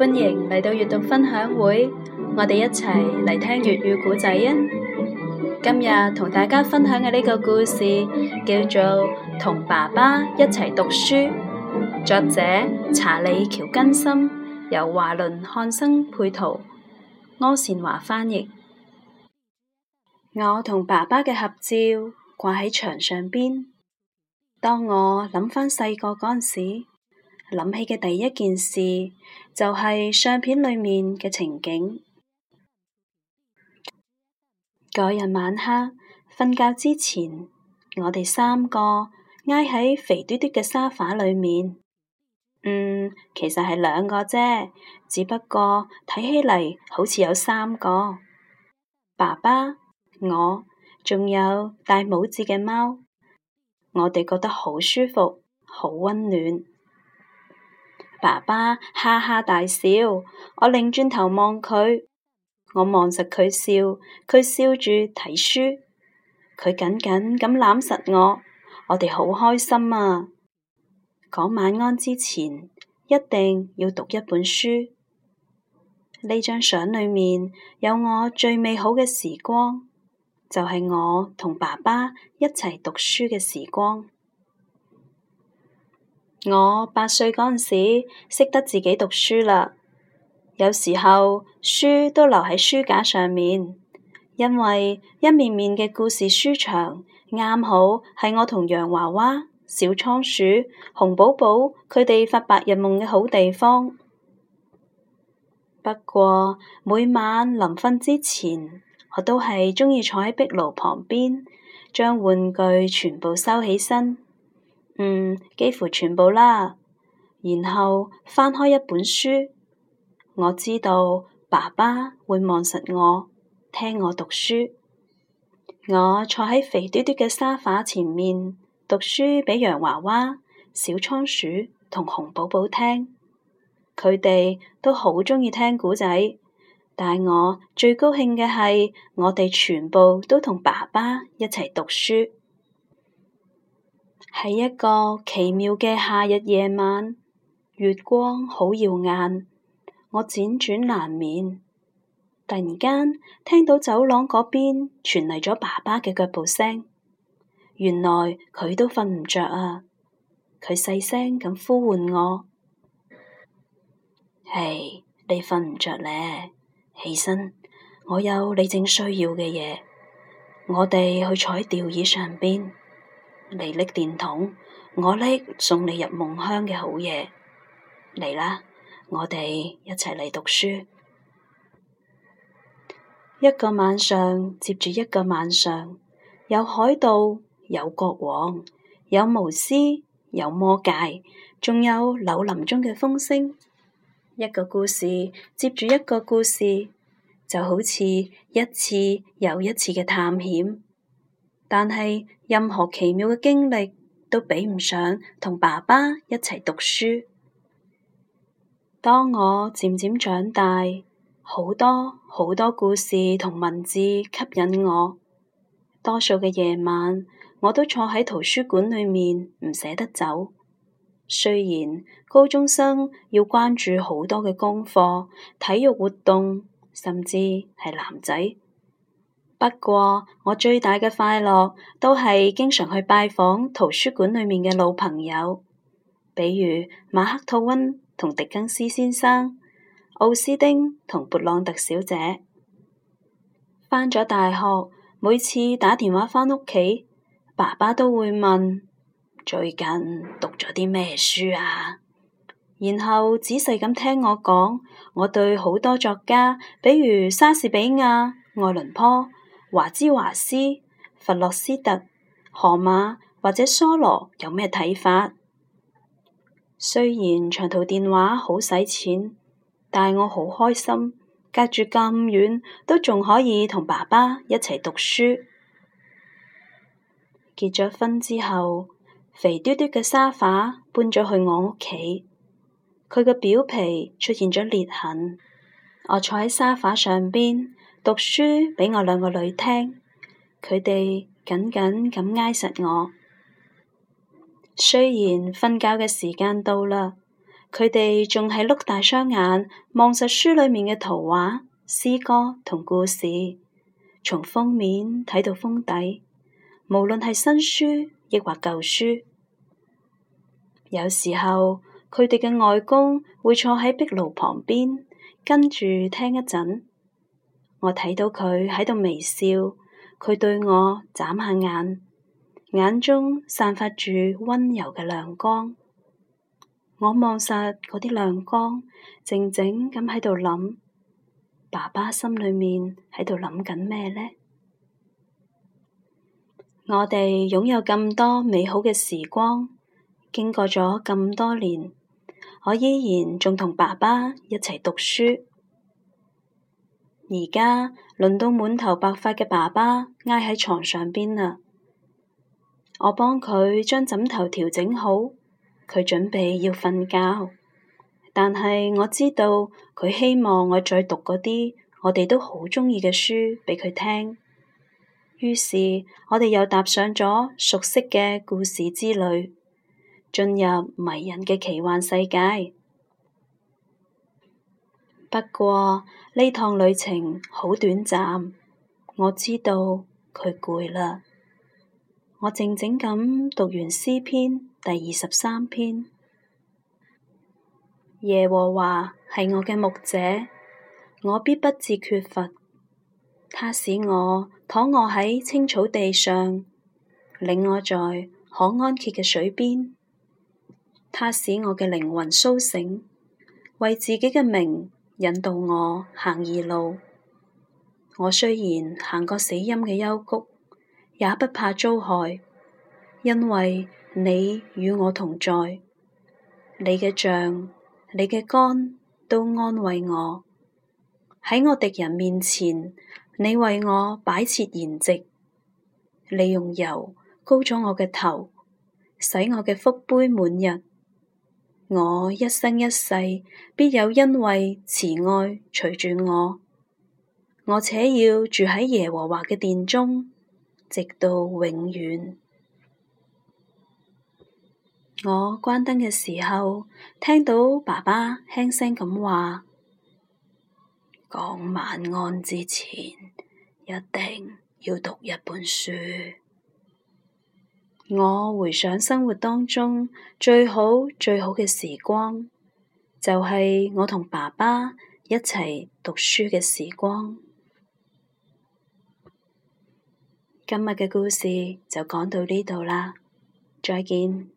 歡迎嚟到閱讀分享會，我哋一齊嚟聽粵語古仔啊！今日同大家分享嘅呢個故事叫做《同爸爸一齊讀書》，作者查理·喬根森，由華倫漢生配圖，柯善華翻譯。我同爸爸嘅合照掛喺牆上邊，當我諗返細個嗰陣時，諗起嘅第一件事就係相片裏面嘅情景。嗰日晚黑瞓覺之前，我哋三個挨喺肥嘟嘟嘅沙發裏面。嗯，其實係兩個啫，只不過睇起嚟好似有三個。爸爸，我，仲有戴帽子嘅貓。我哋覺得好舒服，好溫暖。爸爸哈哈大笑，我擰轉頭望佢，我望實佢笑，佢笑住睇書，佢緊緊咁攬實我，我哋好開心啊！講晚安之前，一定要讀一本書。呢張相裏面有我最美好嘅時光，就係我同爸爸一齊讀書嘅時光。我八歲嗰陣時識得自己讀書啦，有時候書都留喺書架上面，因為一面面嘅故事書牆，啱好係我同洋娃娃、小倉鼠、熊寶寶佢哋發白日夢嘅好地方。不過每晚臨瞓之前，我都係鍾意坐喺壁爐旁邊，將玩具全部收起身。嗯，幾乎全部啦。然後翻開一本書，我知道爸爸會望實我，聽我讀書。我坐喺肥嘟嘟嘅沙發前面讀書，畀洋娃娃、小倉鼠同熊寶寶聽。佢哋都好鍾意聽古仔，但我最高興嘅係，我哋全部都同爸爸一齊讀書。係一個奇妙嘅夏日夜晚，月光好耀眼，我輾轉難眠。突然間聽到走廊嗰邊傳嚟咗爸爸嘅腳步聲，原來佢都瞓唔着啊！佢細聲咁呼喚我：唉、hey，你瞓唔着咧？起身，我有你正需要嘅嘢，我哋去坐喺吊椅上邊。你拎電筒，我拎，送你入夢鄉嘅好嘢嚟啦！我哋一齊嚟讀書，一個晚上接住一個晚上，有海盜，有國王，有巫師，有魔戒，仲有柳林中嘅風聲，一個故事接住一個故事，就好似一次又一次嘅探險。但係任何奇妙嘅經歷都比唔上同爸爸一齊讀書。當我漸漸長大，好多好多故事同文字吸引我。多數嘅夜晚，我都坐喺圖書館裏面唔捨得走。雖然高中生要關注好多嘅功課、體育活動，甚至係男仔。不過我最大嘅快樂都係經常去拜訪圖書館裏面嘅老朋友，比如馬克吐溫同狄更斯先生、奧斯丁同勃朗特小姐。返咗大學，每次打電話返屋企，爸爸都會問最近讀咗啲咩書啊，然後仔細咁聽我講。我對好多作家，比如莎士比亞、愛倫坡。華茲華斯、弗洛斯特、荷馬或者梭羅有咩睇法？雖然長途電話好使錢，但係我好開心，隔住咁遠都仲可以同爸爸一齊讀書。結咗婚之後，肥嘟嘟嘅沙發搬咗去我屋企，佢嘅表皮出現咗裂痕，我坐喺沙發上邊讀書畀我兩個女聽，佢哋緊緊咁挨實我。雖然瞓覺嘅時間到啦，佢哋仲係碌大雙眼望實書裏面嘅圖畫、詩歌同故事，從封面睇到封底。無論係新書抑或舊書。有時候佢哋嘅外公會坐喺壁爐旁邊跟住聽一陣。我睇到佢喺度微笑，佢對我眨下眼，眼中散發住溫柔嘅亮光。我望實嗰啲亮光，靜靜咁喺度諗：爸爸心裏面喺度諗緊咩呢？我哋擁有咁多美好嘅時光，經過咗咁多年，我依然仲同爸爸一齊讀書。而家輪到滿頭白髮嘅爸爸挨喺床上邊啦，我幫佢將枕頭調整好，佢準備要瞓覺，但係我知道佢希望我再讀嗰啲我哋都好鍾意嘅書畀佢聽，於是我哋又踏上咗熟悉嘅故事之旅，進入迷人嘅奇幻世界。不過呢趟旅程好短暫，我知道佢攰啦。我靜靜咁讀完詩篇第二十三篇，耶和華係我嘅牧者，我必不致缺乏。他使我躺臥喺青草地上，領我在可安歇嘅水邊。他使我嘅靈魂蘇醒，為自己嘅名。引導我行義路，我雖然行過死陰嘅幽谷，也不怕遭害，因為你與我同在，你嘅杖、你嘅竿都安慰我。喺我敵人面前，你為我擺設筵席，你用油高咗我嘅頭，使我嘅福杯滿溢。我一生一世必有恩惠慈愛隨住我，我且要住喺耶和華嘅殿中，直到永遠。我關燈嘅時候，聽到爸爸輕聲咁話：「講晚安之前，一定要讀一本書。」我回想，生活當中最好最好嘅時光，就係我同爸爸一齊讀書嘅時光。今日嘅故事就講到呢度啦，再見。